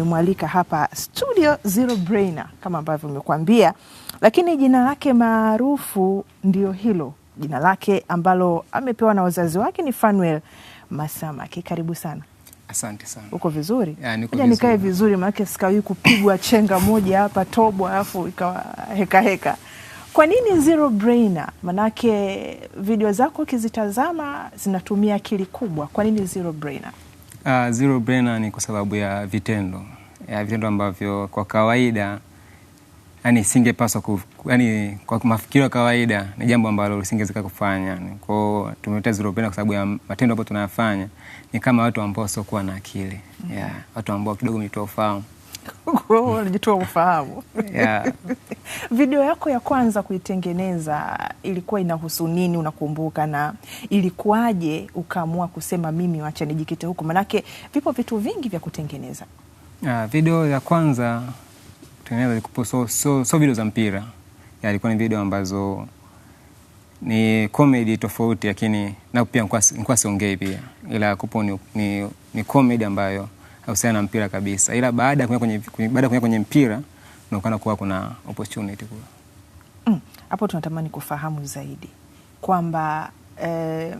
nimemwalika hapa studio Zero Brainer kama ambavyo nimekuambia, lakini jina lake maarufu ndio hilo jina lake ambalo amepewa na wazazi wake ni Fanuel Masamaki. Karibu sana. Asante sana. Uko vizuri? Yaani nikae vizuri maanake sikawii kupigwa chenga moja hapa tobwa alafu ikawa heka heka. Kwa nini Zero Brainer? Maanake video zako ukizitazama zinatumia akili kubwa. Kwa nini Zero Brainer? Uh, zero burner ni kwa sababu ya vitendo ya vitendo ambavyo kwa kawaida yani singepaswa yani kwa mafikiri ya kawaida ni jambo ambalo usingeweza kufanya. Kwa hiyo tumeleta zero burner kwa sababu ya matendo ambayo tunayafanya ni kama watu ambao wasiokuwa na akili. Mm -hmm. Yeah, watu ambao kidogo mitofahamu alijitoa ufahamu yeah. Video yako ya kwanza kuitengeneza ilikuwa inahusu nini, unakumbuka? Na ilikuwaje ukaamua kusema mimi wacha nijikite huku, manake vipo vitu vingi vya kutengeneza? Yeah, video ya kwanza so, so, so video za mpira ilikuwa ni video ambazo ni comedy tofauti, lakini na pia nikuwa siongei pia, ila kupo ni, ni, ni comedy ambayo hahusiana na mpira kabisa, ila baada ya kuingia kwenye, mpira naonekana kuwa kuna opportunity kuwa mm, hapo. Mm, tunatamani kufahamu zaidi kwamba eh,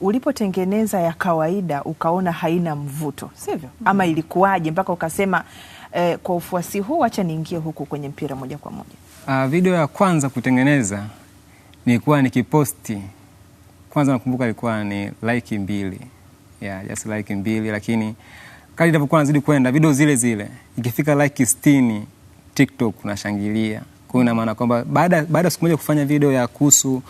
ulipotengeneza ya kawaida ukaona haina mvuto sivyo? mm Ama ilikuwaje mpaka ukasema eh, kwa ufuasi huu acha niingie huku kwenye mpira moja kwa moja? Uh, video ya kwanza kutengeneza nilikuwa nikiposti kwanza, nakumbuka ilikuwa ni like mbili yeah, just like mbili, lakini kadi inapokuwa nazidi kwenda video zile zile ikifika like 60 TikTok unashangilia. Kwa hiyo ina maana kwamba baada baada siku moja kufanya video ya kuhusu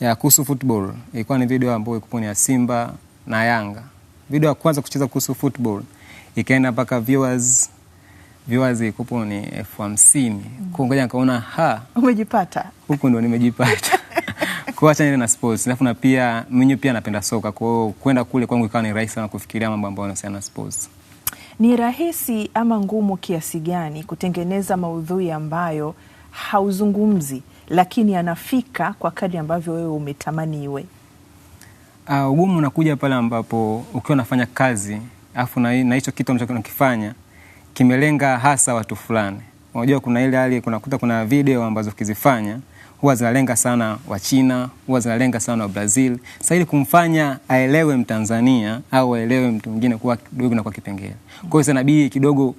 ya kuhusu football, ilikuwa ni video ambayo ilikuwa ni ya Simba na Yanga. Video ya kwanza kucheza kuhusu football ikaenda mpaka viewers viewers ikupo ni elfu hamsini. Kwa ngoja nikaona ha, umejipata huko, ndo nimejipata kuacha nile na sports, alafu na pia mwenyewe pia napenda soka, kwa hiyo kwenda kule kwangu ikawa ni rahisi sana kufikiria mambo ambayo yanahusiana na sports. Ni rahisi ama ngumu kiasi gani kutengeneza maudhui ambayo hauzungumzi lakini anafika kwa kadri ambavyo wewe umetamani iwe? Uh, ugumu unakuja pale ambapo ukiwa unafanya kazi afu na hicho kitu ambacho nakifanya kimelenga hasa watu fulani. Unajua kuna ile hali kunakuta kuna video ambazo ukizifanya huwa zinalenga sana Wachina, huwa zinalenga sana wa Brazil. Sasa ili kumfanya aelewe Mtanzania au aelewe mtu mwingine kuwa kidogo na kwa kipengele. Kwa hiyo sanabidi kidogo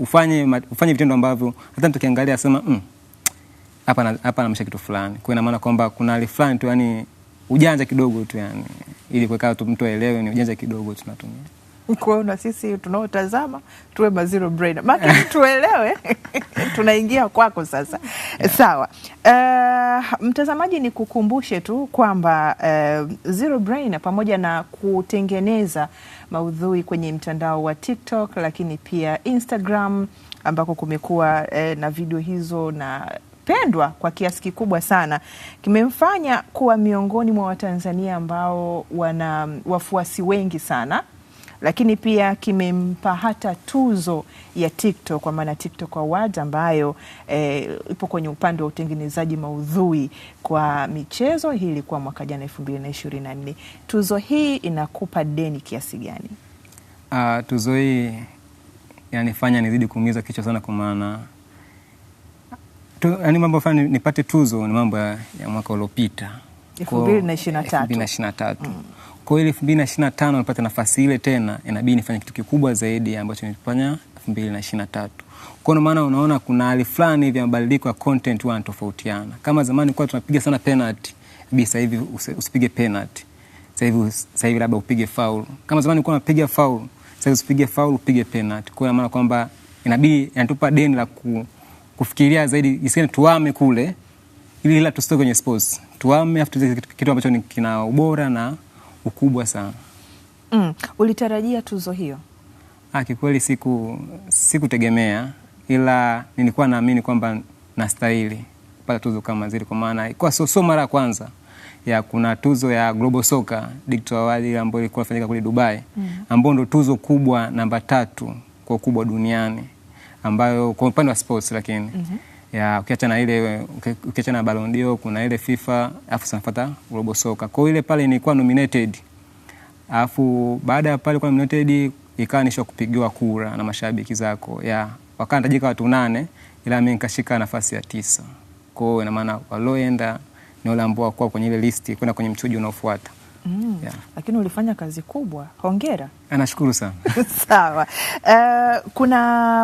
ufanye ufanye vitendo ambavyo hata mtu kiangalia asema mm, hapa hapa anamsha kitu fulani. Kwa ina maana kwamba kuna hali fulani tu yani ujanja kidogo tu yani ili kuweka mtu aelewe ni ujanja kidogo tunatumia kwao na sisi tunaotazama tuwe mazero brain maana tuelewe tunaingia kwako sasa. Sawa. Uh, mtazamaji ni kukumbushe tu kwamba uh, zero brain pamoja na kutengeneza maudhui kwenye mtandao wa TikTok lakini pia Instagram ambako kumekuwa eh, na video hizo na pendwa kwa kiasi kikubwa sana, kimemfanya kuwa miongoni mwa Watanzania ambao wana wafuasi wengi sana lakini pia kimempa hata tuzo ya TikTok kwa maana TikTok Awards ambayo eh, ipo kwenye upande wa utengenezaji maudhui kwa michezo. Hii ilikuwa mwaka jana na nne. Tuzo hii inakupa deni kiasi gani? Uh, tuzo hii inanifanya nizidi kuumiza kichwa sana, kwa maana yaani mambo fani nipate tuzo ni mambo ya mwaka uliopita na tatu. Mm. Kwa hiyo tano nipate nafasi ile tena, inabidi nifanye kitu kikubwa zaidi ambacho nilifanya 2023. Kwa maana unaona kuna hali fulani hivi mabadiliko ya content huwa yanatofautiana. Kama zamani kwa tunapiga sana penalty, bi sasa hivi usipige penalty. Sasa hivi sasa hivi labda upige faul. Kama zamani kwa unapiga faul, sasa hivi usipige faul, upige penalty. Kwa maana kwamba inabidi inatupa deni la ku, kufikiria zaidi, isiwe tuame kule ili ila tusitoke kwenye sports. Tuame afu kitu ambacho kina ubora na ukubwa sana. Mm. Ulitarajia tuzo hiyo? Ah, kikweli siku sikutegemea, ila nilikuwa naamini kwamba nastahili kupata tuzo kama zile, kwa maana ilikuwa sio so mara ya kwanza ya kuna tuzo ya Global Soccer Digital Award ambayo ilikuwa inafanyika kule Dubai mm. ambayo ndo tuzo kubwa namba tatu kwa ukubwa duniani ambayo kwa upande wa sports lakini mm -hmm ya ukiachana ile ukiachana Ballon d'Or kuna ile FIFA, afu sinafuata robo soka. Kwa ile pale nilikuwa nominated, Afu baada ya pale kwa nominated ikawa nisha kupigiwa kura na mashabiki zako ya wakanatajika watu nane, ila mimi nikashika nafasi ya tisa. Kwa hiyo ina maana walioenda ni wale ambao kwa kwenye ile listi kwenda kwenye mchujo unaofuata. Mm. yeah. Lakini ulifanya kazi kubwa, hongera. Eh, nashukuru sana sawa. Uh, kuna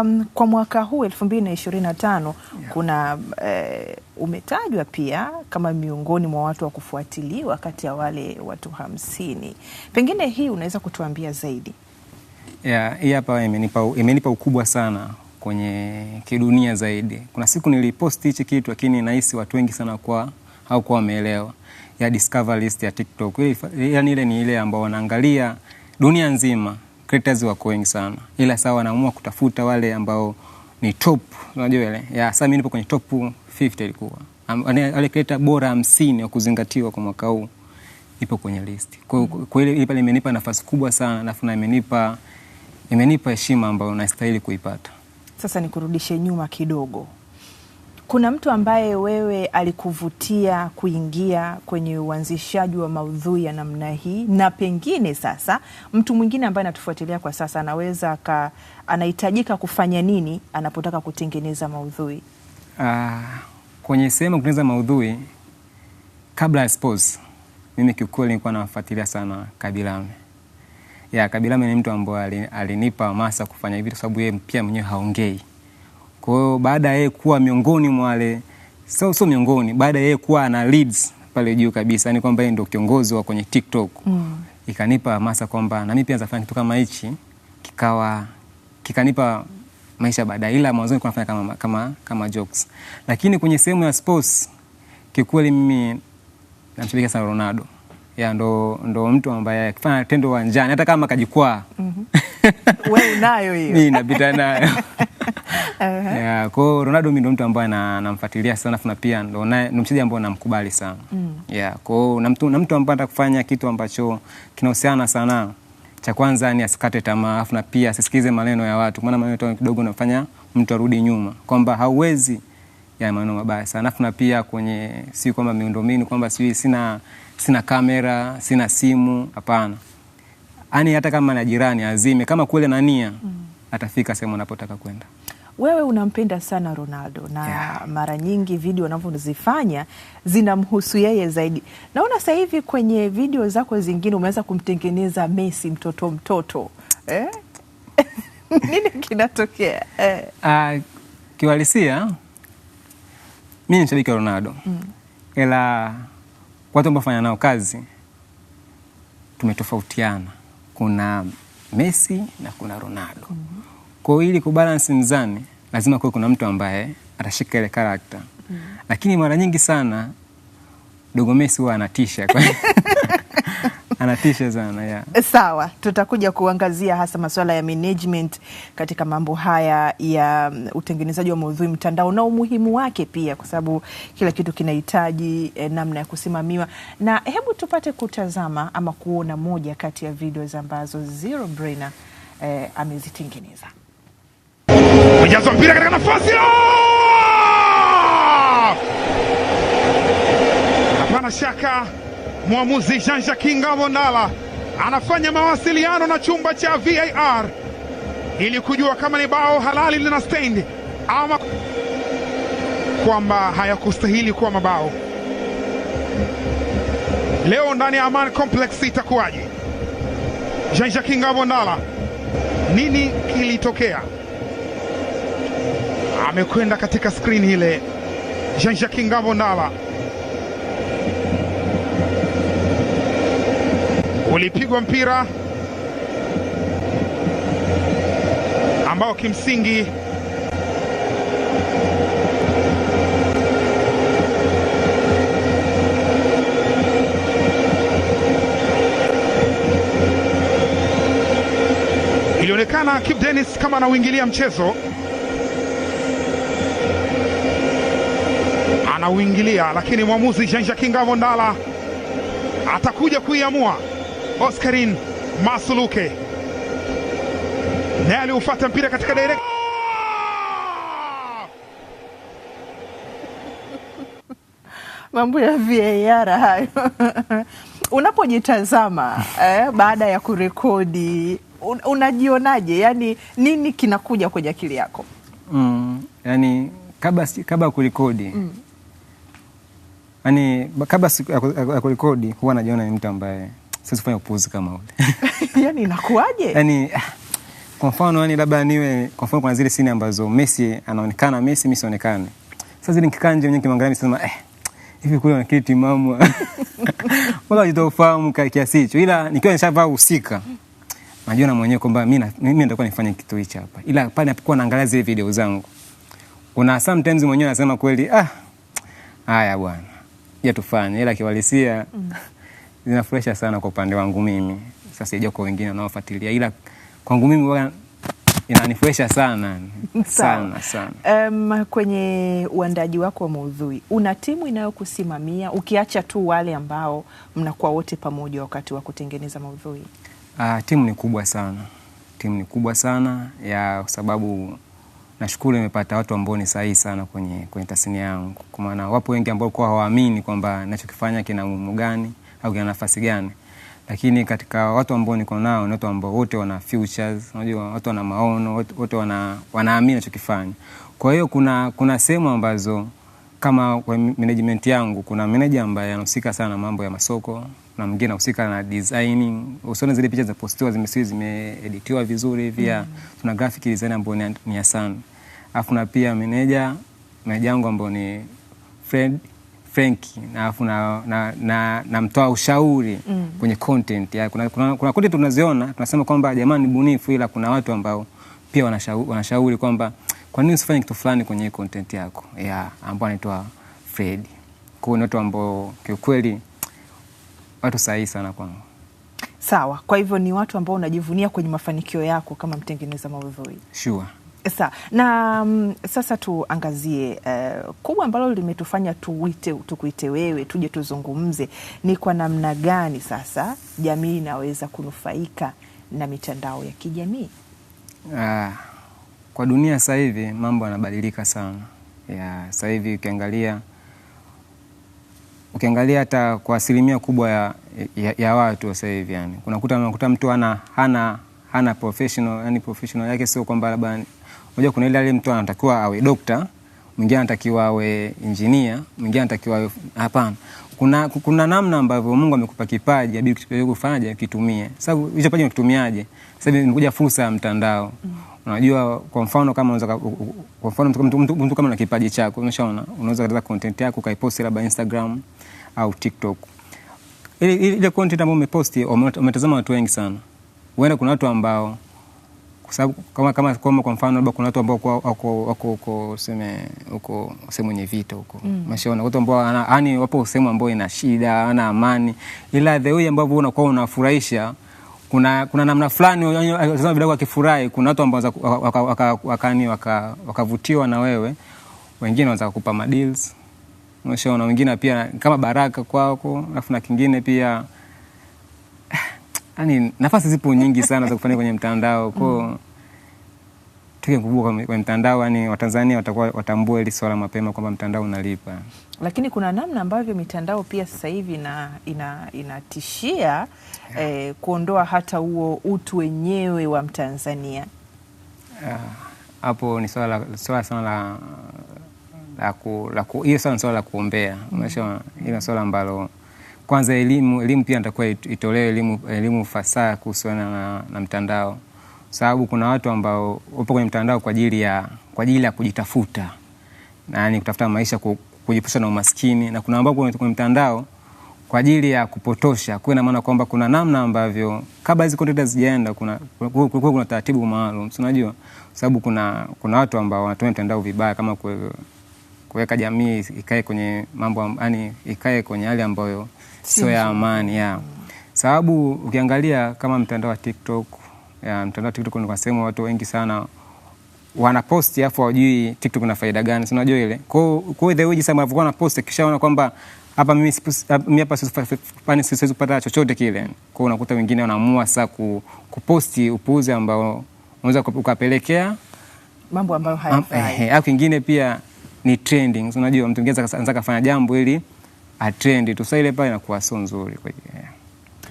mm, kwa mwaka huu elfu mbili na ishirini na tano yeah. kuna uh, umetajwa pia kama miongoni mwa watu wa kufuatiliwa kati ya wale watu hamsini. Pengine hii unaweza kutuambia zaidi? Yeah, hii hapa imenipa, imenipa ukubwa sana kwenye kidunia zaidi. Kuna siku niliposti hichi kitu, lakini nahisi watu wengi sana kwa au kuwa wameelewa ya discover list ya TikTok. Yaani ile ni ile ambao wanaangalia dunia nzima, creators wako wengi sana, ila sawa wanaamua kutafuta wale ambao ni top, unajua ile ya sasa. Mimi nipo kwenye top 50 ilikuwa wale creator bora 50 wa kuzingatiwa kwa mwaka huu ipo kwenye list. Kwa hiyo pale imenipa nafasi kubwa sana, na funa imenipa imenipa heshima ambayo nastahili kuipata. Sasa nikurudishe nyuma kidogo. Kuna mtu ambaye wewe alikuvutia kuingia kwenye uanzishaji wa maudhui ya namna hii, na pengine sasa mtu mwingine ambaye anatufuatilia kwa sasa anaweza ka, anahitajika kufanya nini anapotaka kutengeneza maudhui? Uh, kwenye sehemu ya kutengeneza maudhui kabla ya sports, mimi kiukweli nilikuwa nawafuatilia sana Kabilame. Ya Kabilame ni mtu ambaye alinipa hamasa kufanya hivi, kwa sababu yeye pia mwenyewe haongei kwa hiyo baada ya yeye kuwa miongoni mwa wale sio sio miongoni, baada ya yeye kuwa ana leads pale juu kabisa, yani kwamba yeye ndio kiongozi wa kwenye TikTok mm. Ikanipa hamasa kwamba na mimi pia fanya kitu kama hichi, kikawa kikanipa maisha baadaye, ila mwanzoni kunafanya kama, kama, kama jokes, lakini kwenye sehemu ya sports kikweli mimi namshabikia sana Ronaldo ya ndo, ndo mtu ambaye akifanya tendo uwanjani hata kama kajikwaa mm -hmm. wewe unayo hiyo mimi napita nayo uh -huh. yeah, kwa Ronaldo mimi ndo mtu ambaye namfuatilia sana na pia ndo naye ni mchezaji ambaye namkubali sana mm. yeah, kwa na mtu, na mtu ambaye atakufanya kitu ambacho kinahusiana sana cha kwanza ni asikate tamaa, afu na pia asisikize maneno ya watu, maana maneno kidogo nafanya mtu arudi nyuma, kwamba hauwezi ya maneno mabaya sana, afu na pia kwenye si kwamba miundombinu kwamba si sina sina kamera, sina simu, hapana. Yaani hata kama na jirani azime, kama kule na nia mm. atafika sehemu anapotaka kwenda. Wewe unampenda sana Ronaldo na yeah. mara nyingi video unavyozifanya zinamhusu yeye zaidi. Naona sasa hivi kwenye video zako zingine umeweza kumtengeneza Messi mtoto mtoto eh? nini kinatokea eh? Uh, ah, kiwalisia mi ni shabiki wa Ronaldo mm. ila watu ambao fanya nao kazi tumetofautiana, kuna Messi na kuna Ronaldo. mm -hmm. Kwa hiyo ili kubalansi mzani, lazima kuwe kuna mtu ambaye atashika ile karakta. mm -hmm. Lakini mara nyingi sana dogo Messi huwa anatisha anatisha sana yeah. Sawa, tutakuja kuangazia hasa masuala ya management katika mambo haya ya um, utengenezaji wa maudhui mtandao na umuhimu wake pia, kwa sababu kila kitu kinahitaji eh, namna ya kusimamiwa. Na hebu tupate kutazama ama kuona moja kati ya video ambazo Zero Brainer eh, amezitengeneza. Mjazo mpira katika nafasi oh! hapana shaka Mwamuzi Jean-Jacques Ngabo Ndala anafanya mawasiliano na chumba cha VAR ili kujua kama ni bao halali lina stand ama kwamba hayakustahili kuwa mabao. Leo ndani ya aman Complex itakuwaje? Jean-Jacques Ngabo Ndala, nini kilitokea? Amekwenda katika skrini ile Jean-Jacques Ngabo Ndala. ulipigwa mpira ambao kimsingi ilionekana Kip Dennis kama anauingilia mchezo, anauingilia, lakini mwamuzi Jean Jacques Ngavo Ndala atakuja kuiamua. Oscarin Masuluke naye aliufata mpira katika direct mambo ya VAR hayo. Unapojitazama eh, baada ya kurekodi un, unajionaje? Yani nini kinakuja kwenye akili yako? Mm, yani kabla kabla kurekodi mm. Yani kabla ya kurekodi huwa najiona ni mtu ambaye siwezi kufanya upuzi kama ule yani inakuaje? Yani kwa mfano, yani labda niwe kwa mfano, kuna zile sini ambazo Messi anaonekana Messi, mimi sionekane. Sasa zile nikikaa nje mwenyewe nikimwangalia nisema eh, hivi kule wanakili timamu wala hajitofahamu kiasi hicho, ila nikiwa nishavaa husika najua na mwenyewe kwamba mimi nitakuwa nifanye kitu hicho hapa, ila pale napokuwa naangalia zile video zangu, kuna sometimes mwenyewe anasema kweli, ah, haya bwana, ya tufanye, ila kiwalisia mm zinafurahisha sana kwa upande wangu mimi. Sasa ija kwa wengine wanaofuatilia, ila kwangu mimi bwana inanifurahisha sana sana sana. Um, kwenye uandaji wako wa maudhui una timu inayokusimamia ukiacha tu wale ambao mnakuwa wote pamoja wakati wa kutengeneza maudhui? Uh, timu ni kubwa sana, timu ni kubwa sana ya sababu nashukuru nimepata watu ambao ni sahihi sana kwenye, kwenye tasnia yangu, kwa maana wapo wengi ambao kwa hawaamini kwamba nachokifanya kina umuhimu gani au kina nafasi gani, lakini katika watu ambao niko nao ni watu ambao wote wana futures, unajua watu wana maono, wote wana wanaamini anachokifanya. Kwa hiyo kuna kuna sehemu ambazo kama kwa management yangu kuna manager ambaye anahusika sana na mambo ya masoko na mwingine anahusika na designing. Usione zile picha za zinapostiwa zimesiwi zimeeditiwa vizuri via Mm. Tuna graphic designer ambao ni ya sana. Alafu na pia manager manager wangu ambao ni Fred Frenki na, na, na, na, na mtoa ushauri mm. kwenye content ya, kuna, kuna, kuna content tunaziona tunasema kwamba jamani ni bunifu, ila kuna watu ambao pia wanashauri, wanashauri kwamba kwa nini usifanye kitu fulani kwenye content yako ya ambao anaitwa Fred. Kwa ni watu ambao kiukweli watu sahihi sana kwangu. Sawa, kwa hivyo ni watu ambao unajivunia kwenye mafanikio yako kama mtengeneza maudhui. Sure. Sa, na um, sasa tuangazie uh, kubwa ambalo limetufanya tuwite tukuite wewe tuje tuzungumze ni kwa namna gani sasa jamii inaweza kunufaika na mitandao ya kijamii. Uh, kwa dunia sasa hivi mambo yanabadilika sana ya sasa hivi ukiangalia ukiangalia hata kwa asilimia kubwa ya, ya, ya watu sasa hivi yani, unakuta unakuta mtu hana hana hana professional yani professional yake sio kwamba labda Unajua kuna ile ile mtu anatakiwa awe dokta, mwingine anatakiwa awe injinia, mwingine anatakiwa awe hapana. Kuna, kuna namna ambavyo Mungu amekupa kipaji abidi kufanya kitumie. Sasa hicho kipaji unakitumiaje? Sasa imekuja fursa ya mtandao. Mm. Unajua kwa mfano kama unaweza kwa mfano mtu, mtu, mtu, mtu kama na kipaji chako unashaona unaweza katika content yako kaiposti labda Instagram au TikTok. Ile ile content ambayo umeposti umetazama watu wengi sana. Huenda kuna watu ambao kwa sababu kama kama kama kwa mfano labda kuna watu ambao wako wako uko seme uko sehemu yenye vita huko mm. mashona watu ambao yani wapo sehemu ambao ina shida, ana amani, ila the way ambavyo unakuwa unafurahisha kuna kuna namna fulani unasema yaani, yaani, bila wakifurahi, kuna watu ambao wakani yaani, wakavutiwa na wewe, wengine wanaweza kukupa madeals. Mashaona wengine pia kama baraka kwako, alafu na kingine pia yani nafasi zipo nyingi sana za kufanya kwenye mtandao kwao mm. kubwa kwenye mtandao yani Watanzania watakuwa watambue hili swala mapema kwamba mtandao unalipa, lakini kuna namna ambavyo mitandao pia sasa hivi ina, ina, inatishia eh, kuondoa hata huo utu wenyewe wa Mtanzania ah, hapo. Uh, ni swala sana la hiyo swala ni swala la kuombea, maana hilo swala ambalo kwanza elimu elimu pia natakuwa itolewe elimu, elimu fasaha kuhusiana na, na mtandao sababu kuna watu ambao wapo kwenye mtandao kwa ajili ya kwa ajili ya kujitafuta na, ni kutafuta maisha kujipusha na umaskini, na kuna ambao kwenye kwenye mtandao kwa ajili ya kupotosha. Kwa ina maana kwamba kuna namna ambavyo kabla hizo content hazijaenda kuna kulikuwa kuna, kuna taratibu maalum, si unajua, sababu kuna kuna watu ambao wanatumia mtandao vibaya kama kuweka jamii ikae kwenye mambo yani ikae kwenye hali ambayo sio ya amani ya sababu. Ukiangalia kama mtandao wa TikTok, ya mtandao wa TikTok ni kwa sehemu watu wengi sana wana post afu hawajui TikTok na faida gani, si unajua ile. Kwa kwa the way jinsi na post kisha unaona kwamba hapa mimi mimi hapa siwezi kupata chochote kile. Kwa unakuta wengine wanaamua sasa ku, kuposti upuuzi ambao unaweza ukapelekea mambo ambayo hayafai. Eh, eh, au kingine pia ni trending, unajua mtu mwingine anaanza kufanya jambo ili atrendi tu, saa ile pale inakuwa sio nzuri kwa hiyo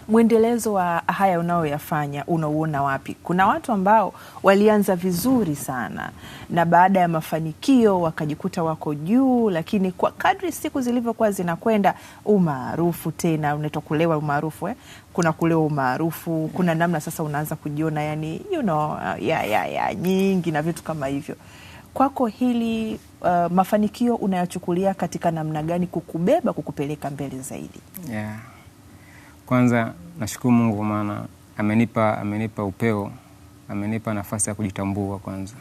mwendelezo wa haya unaoyafanya unauona wapi? Kuna watu ambao walianza vizuri sana na baada ya mafanikio wakajikuta wako juu, lakini kwa kadri siku zilivyokuwa zinakwenda, umaarufu tena unaitwa kulewa umaarufu eh? Kuna kulewa umaarufu, kuna namna sasa unaanza kujiona yani you know, ya, ya, ya, nyingi na vitu kama hivyo kwako hili uh, mafanikio unayochukulia katika namna gani kukubeba kukupeleka mbele zaidi? Yeah. Kwanza nashukuru Mungu kwa maana amenipa amenipa upeo, amenipa nafasi ya kujitambua kwanza,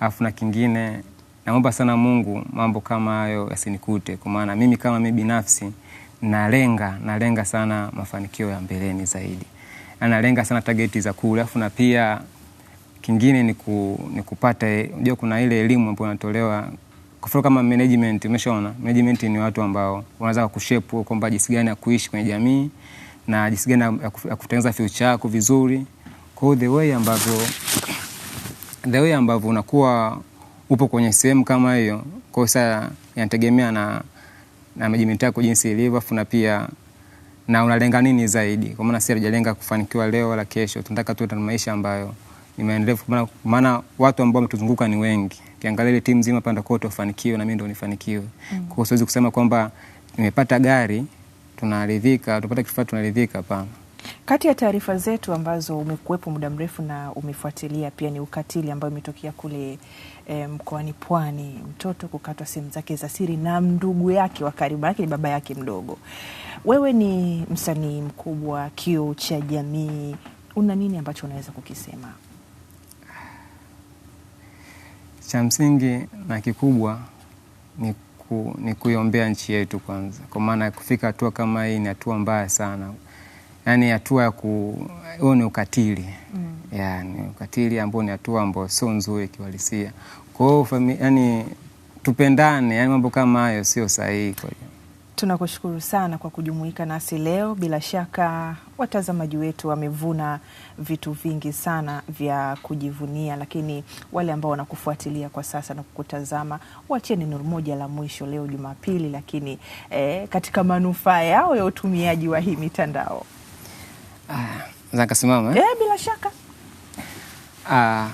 alafu na kingine naomba sana Mungu mambo kama hayo yasinikute, kwa maana mimi kama mimi binafsi nalenga nalenga sana mafanikio ya mbeleni zaidi, nalenga sana tageti za kule, alafu na pia Kingine ni, ku, ni kupata e, unajua, kuna ile elimu ambayo inatolewa kufuru kama management. Umeshaona management ni watu ambao wanaweza kushape kwamba jinsi gani ya kuishi kwenye jamii na jinsi gani ya kutengeneza future yako vizuri, kwa the way ambavyo the way ambavyo unakuwa upo kwenye sehemu kama hiyo. Kwa hiyo sasa inategemea na na management yako jinsi ilivyo, afu na pia na unalenga nini zaidi, kwa maana sisi hatujalenga kufanikiwa leo wala kesho, tunataka tuwe na maisha ambayo ni maendeleo, maana watu ambao wametuzunguka ni wengi. Ukiangalia ile timu nzima panda kote wafanikiwe, na mimi ndo nifanikiwe. Mm. Kwa hiyo siwezi kusema kwamba nimepata gari tunaridhika, tupata kifaa tunaridhika, hapana. Kati ya taarifa zetu ambazo umekuwepo muda mrefu na umefuatilia pia ni ukatili ambao umetokea kule e, mkoani Pwani, mtoto kukatwa sehemu zake za siri na ndugu yake wa karibu, yake ni baba yake mdogo. Wewe ni msanii mkubwa, kioo cha jamii, una nini ambacho unaweza kukisema? Cha msingi na kikubwa ni, ku, ni kuiombea nchi yetu kwanza, kwa maana kufika hatua kama hii ni hatua mbaya sana, yaani hatua ya huo ni ukatili mm. Yani, ukatili ambao ni hatua ambao sio nzuri kiuhalisia. Kwa hiyo yani, tupendane, yani mambo kama hayo sio sahihi kwa hiyo Tunakushukuru sana kwa kujumuika nasi leo. Bila shaka watazamaji wetu wamevuna vitu vingi sana vya kujivunia, lakini wale ambao wanakufuatilia kwa sasa na kukutazama, wachie neno moja la mwisho leo Jumapili, lakini eh, katika manufaa yao ya utumiaji wa hii mitandao. Ah, eh? Eh, bila shaka ah,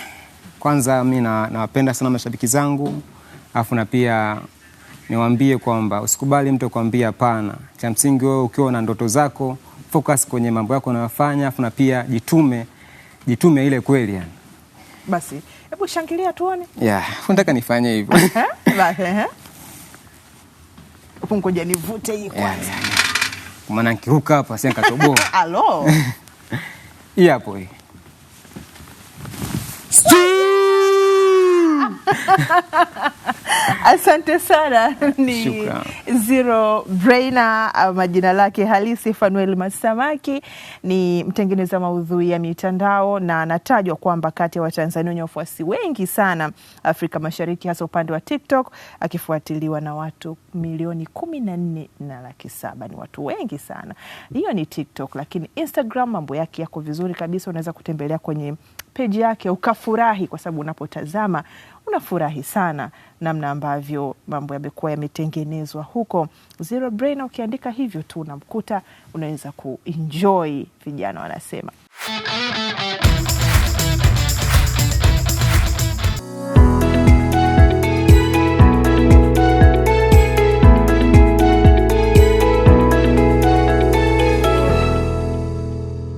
kwanza mi nawapenda na sana mashabiki zangu, alafu na pia niwaambie kwamba usikubali mtu kuambia hapana. Cha msingi wewe ukiwa na ndoto zako, focus kwenye mambo yako unayofanya, afu na pia jitume, jitume ile kweli yani. Basi hebu shangilia tuone. Yeah, nataka nifanye hivyo. Ngoja nivute hii kwanza. Maana nikiruka hapa si nikatoboa. Alo. Hii hapo hii. Asante sana. Ni Shuka. Zero Brainer, uh, majina lake halisi Fanuel Masamaki, ni mtengeneza maudhui ya mitandao na anatajwa kwamba kati ya Watanzania wenye wafuasi wengi sana Afrika Mashariki, hasa upande wa TikTok, akifuatiliwa na watu milioni kumi na nne na laki saba. Ni watu wengi sana, hiyo ni TikTok, lakini Instagram mambo yake yako vizuri kabisa. Unaweza kutembelea kwenye peji yake ukafurahi, kwa sababu unapotazama unafurahi sana namna ambavyo mambo yamekuwa yametengenezwa huko. Zero Brain ukiandika hivyo tu unamkuta, unaweza kuenjoy, vijana wanasema